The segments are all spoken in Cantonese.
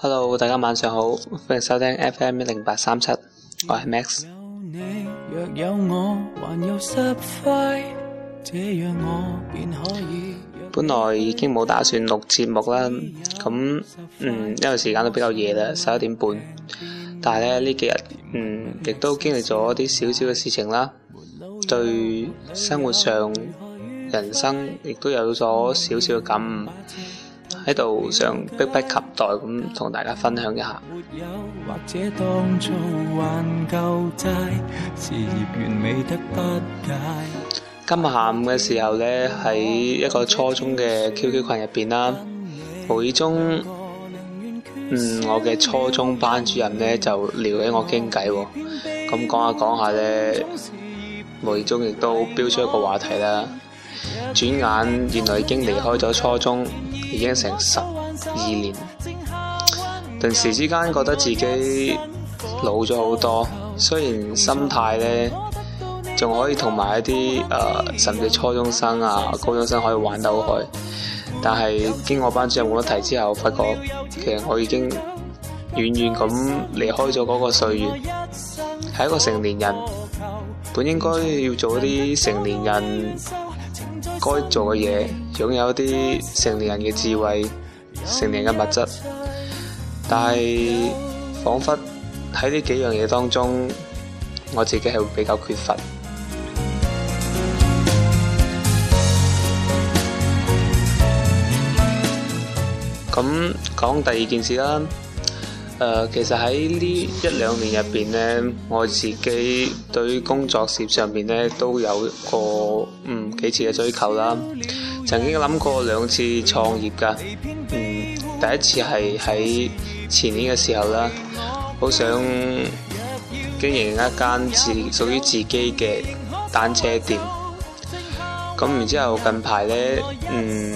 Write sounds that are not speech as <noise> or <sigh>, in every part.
Hello，大家晚上好，歡迎收聽 FM 一零八三七，我係 Max。本來已經冇打算錄節目啦，咁嗯，因為時間都比較夜啦，十一點半，但係咧呢幾日嗯亦都經歷咗啲少少嘅事情啦，對生活上人生亦都有咗少少嘅感悟。喺度想迫不及待咁同大家分享一下。今日下午嘅時候呢，喺一個初中嘅 QQ 群入邊啦，無意中，嗯，我嘅初中班主任呢就撩起我傾偈，咁講下講下呢，無意中亦都標出一個話題啦。轉眼原來已經離開咗初中。已經成十二年，頓時之間覺得自己老咗好多。雖然心態咧仲可以同埋一啲誒，甚、呃、至初中生啊、高中生可以玩得好開，但係經過班主任冇得提之後，之後我發覺其實我已經遠遠咁離，離開咗嗰個歲月，係一個成年人，本應該要做啲成年人。該做嘅嘢，擁有一啲成年人嘅智慧、成年人嘅物質，但係仿佛喺呢幾樣嘢當中，我自己係會比較缺乏。咁講第二件事啦。誒、呃，其實喺呢一兩年入邊呢，我自己對於工作事業上上面呢，都有過嗯，幾次嘅追求啦。曾經諗過兩次創業㗎，嗯，第一次係喺前年嘅時候啦，好想經營一間自屬於自己嘅單車店。咁、嗯、然之後近排呢。嗯。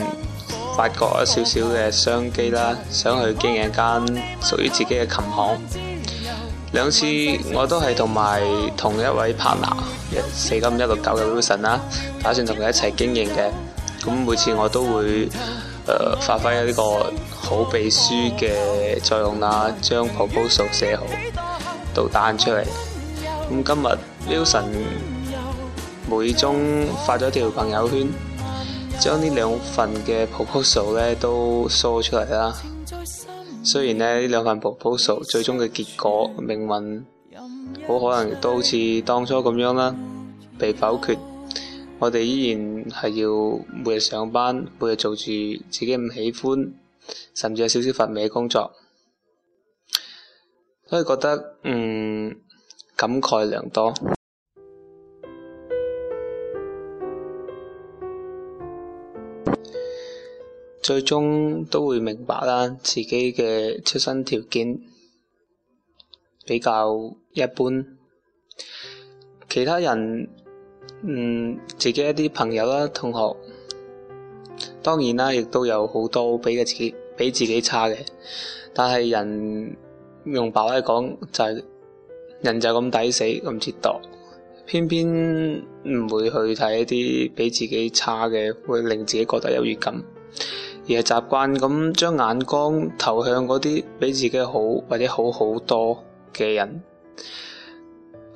發覺一少少嘅商機啦，想去經營間屬於自己嘅琴行。兩次我都係同埋同一位 partner 四九五一六九嘅 Wilson 啦，打算同佢一齊經營嘅。咁每次我都會誒、呃、發揮一啲個好秘書嘅作用啦，將 proposal 寫好，導彈出嚟。咁今日 Wilson 無意中發咗條朋友圈。將呢兩份嘅 proposal 咧都梳出嚟啦。雖然咧呢兩份 proposal 最終嘅結果，命運，好可能都好似當初咁樣啦，被否決。我哋依然係要每日上班，每日做住自己唔喜歡，甚至有少少乏味嘅工作。所以覺得，嗯，感慨良多。最終都會明白啦，自己嘅出身條件比較一般，其他人，嗯，自己一啲朋友啦、同學，當然啦，亦都有好多比自己比自己差嘅。但係人用白話講就係、是、人就咁抵死咁折墮，偏偏唔會去睇一啲比自己差嘅，會令自己覺得優越感。而係習慣咁將眼光投向嗰啲比自己好或者好好多嘅人，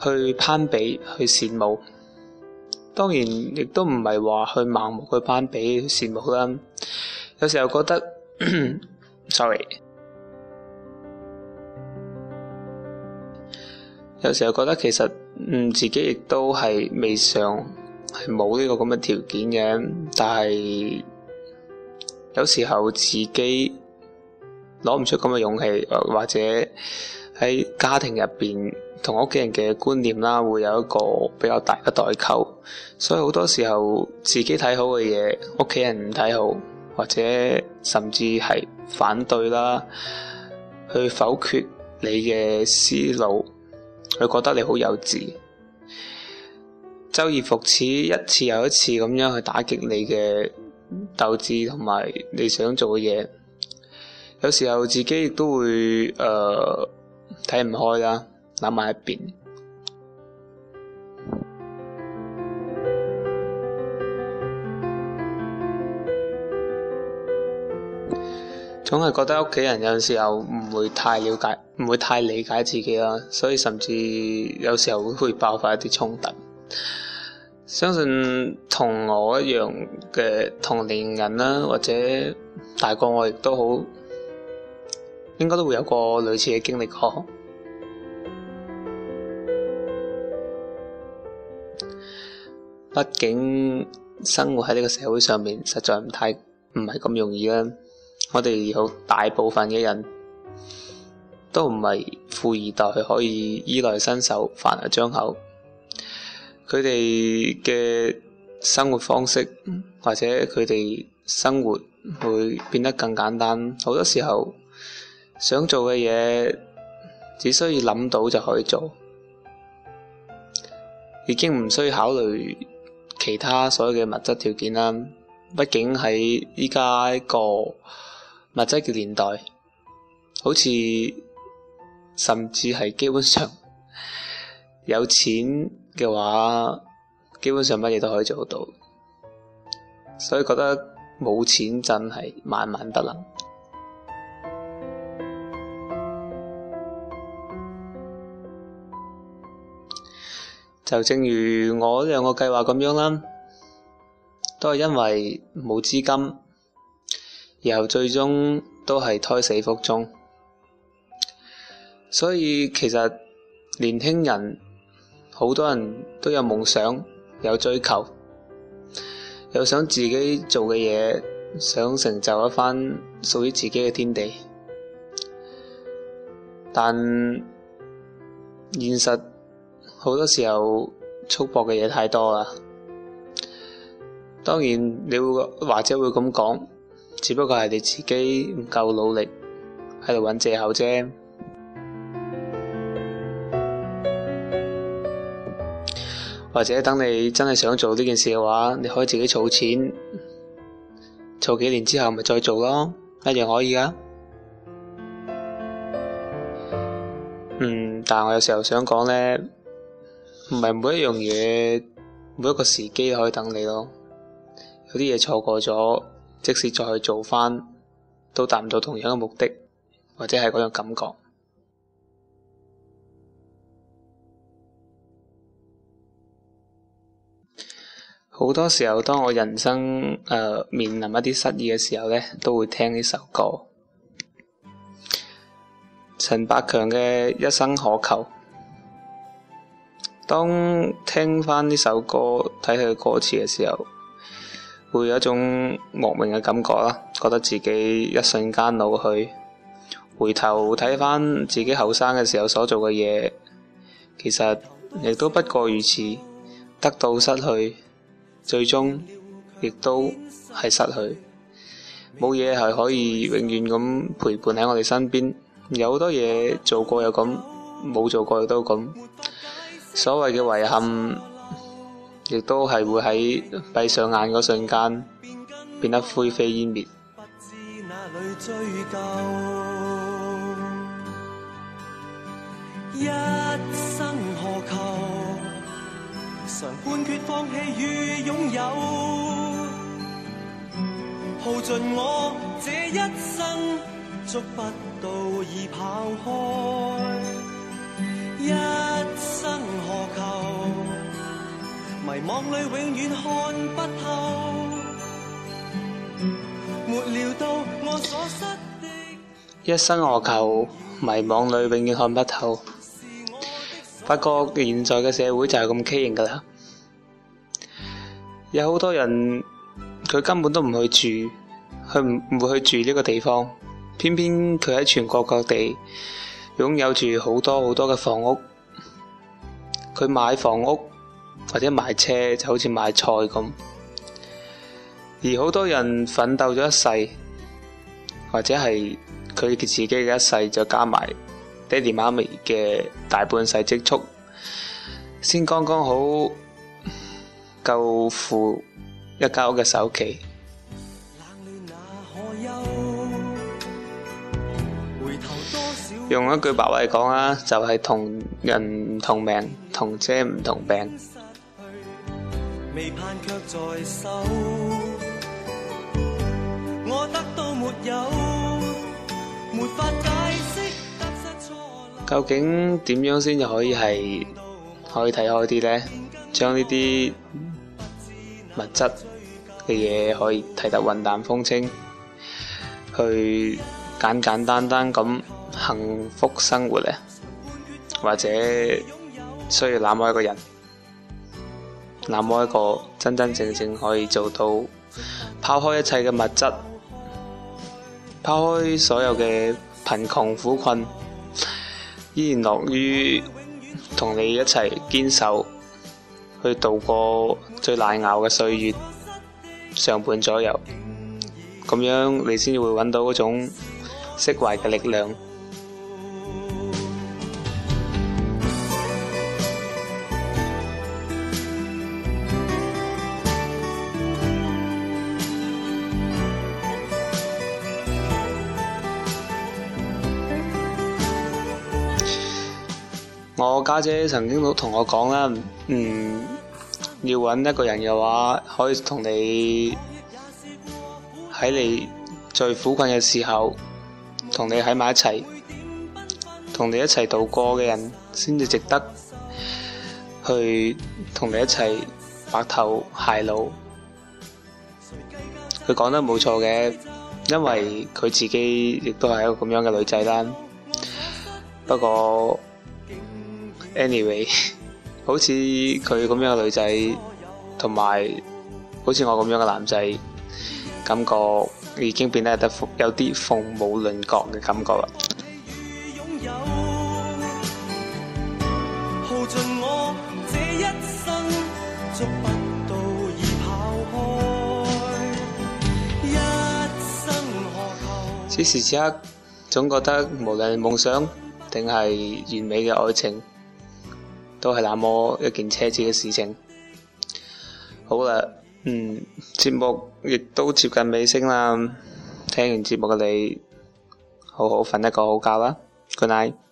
去攀比去羨慕，當然亦都唔係話去盲目去攀比去羨慕啦。有時候覺得 <coughs> ，sorry，有時候覺得其實嗯自己亦都係未嘗係冇呢個咁嘅條件嘅，但係。有時候自己攞唔出咁嘅勇氣，或者喺家庭入邊同屋企人嘅觀念啦，會有一個比較大嘅代溝。所以好多時候自己睇好嘅嘢，屋企人唔睇好，或者甚至係反對啦，去否決你嘅思路，佢覺得你好幼稚，周而復始，一次又一次咁樣去打擊你嘅。鬥志同埋你想做嘅嘢，有時候自己亦都會誒睇唔開啦，諗埋一邊， <music> 總係覺得屋企人有時候唔會太了解，唔會太理解自己啦，所以甚至有時候會爆發一啲衝突。相信同我一樣嘅同齡人啦，或者大過我亦都好，應該都會有過類似嘅經歷過。畢竟生活喺呢個社會上面，實在唔太唔係咁容易啦。我哋有大部分嘅人都唔係富二代，可以依賴伸手，飯嚟張口。佢哋嘅生活方式，或者佢哋生活會變得更簡單。好多時候想做嘅嘢，只需要諗到就可以做，已經唔需要考慮其他所有嘅物質條件啦。畢竟喺依家一個物質嘅年代，好似甚至係基本上有錢嘅話，基本上乜嘢都可以做得到，所以覺得冇錢真係萬萬不能。 <music> 就正如我呢兩個計劃咁樣啦，都係因為冇資金，然後最終都係胎死腹中。所以其實年輕人。好多人都有夢想、有追求、又想自己做嘅嘢，想成就一番屬於自己嘅天地。但現實好多時候束縛嘅嘢太多啦。當然，你會或者會咁講，只不過係你自己唔夠努力，喺度揾藉口啫。或者等你真係想做呢件事嘅話，你可以自己儲錢，儲幾年之後咪再做咯，一樣可以㗎。嗯，但我有時候想講咧，唔係每一樣嘢，每一個時機可以等你咯。有啲嘢錯過咗，即使再去做返，都達唔到同樣嘅目的，或者係嗰種感覺。好多時候，當我人生誒、呃、面臨一啲失意嘅時候呢，都會聽呢首歌，陳百強嘅《一生可求》。當聽翻呢首歌，睇佢歌詞嘅時候，會有一種莫名嘅感覺啦，覺得自己一瞬間老去，回頭睇翻自己後生嘅時候所做嘅嘢，其實亦都不過如此，得到失去。最終亦都係失去，冇嘢係可以永遠咁陪伴喺我哋身邊。有好多嘢做過又咁，冇做過又都咁。所謂嘅遺憾，亦都係會喺閉上眼嗰瞬間變得灰飛煙滅。一生何求？常判決放棄與擁有，耗盡我這一生觸不到，已跑開一生何求？迷惘裏永遠看不透，沒料到我所失的，一生何求？迷惘裏永遠看不透。不過現在嘅社會就係咁畸形㗎喇，有好多人佢根本都唔去住，佢唔唔會去住呢個地方，偏偏佢喺全國各地擁有住好多好多嘅房屋，佢買房屋或者買車就好似買菜咁，而好多人奮鬥咗一世，或者係佢自己嘅一世就加埋。爹哋媽咪嘅大半世積蓄，先剛剛好夠付一家屋嘅首期。用一句白話嚟講啊，就係同人唔同命，同遮唔同柄。究竟點樣先至可以係可以睇開啲呢？將呢啲物質嘅嘢可以睇得雲淡風輕，去簡簡單單咁幸福生活呢？或者需要那麼一個人，那麼一個真真正正可以做到拋開一切嘅物質，拋開所有嘅貧窮苦困。依然樂於同你一齊堅守，去度過最難熬嘅歲月上半左右，咁樣你先會揾到嗰種釋懷嘅力量。我家姐曾經都同我講啦，嗯，要搵一個人嘅話，可以同你喺你最苦困嘅時候，同你喺埋一齊，同你一齊度過嘅人，先至值得去同你一齊白頭偕老。佢講得冇錯嘅，因為佢自己亦都係一個咁樣嘅女仔啦。不過，Anyway，好似佢咁樣嘅女仔，同埋好似我咁樣嘅男仔，感覺已經變得有啲鳳毛麟角嘅感覺啦。此時此刻，總覺得無論夢想定係完美嘅愛情。都係那麼一件奢侈嘅事情。好啦，嗯，節目亦都接近尾聲啦。聽完節目嘅你，好好瞓一個好覺啦。Good night。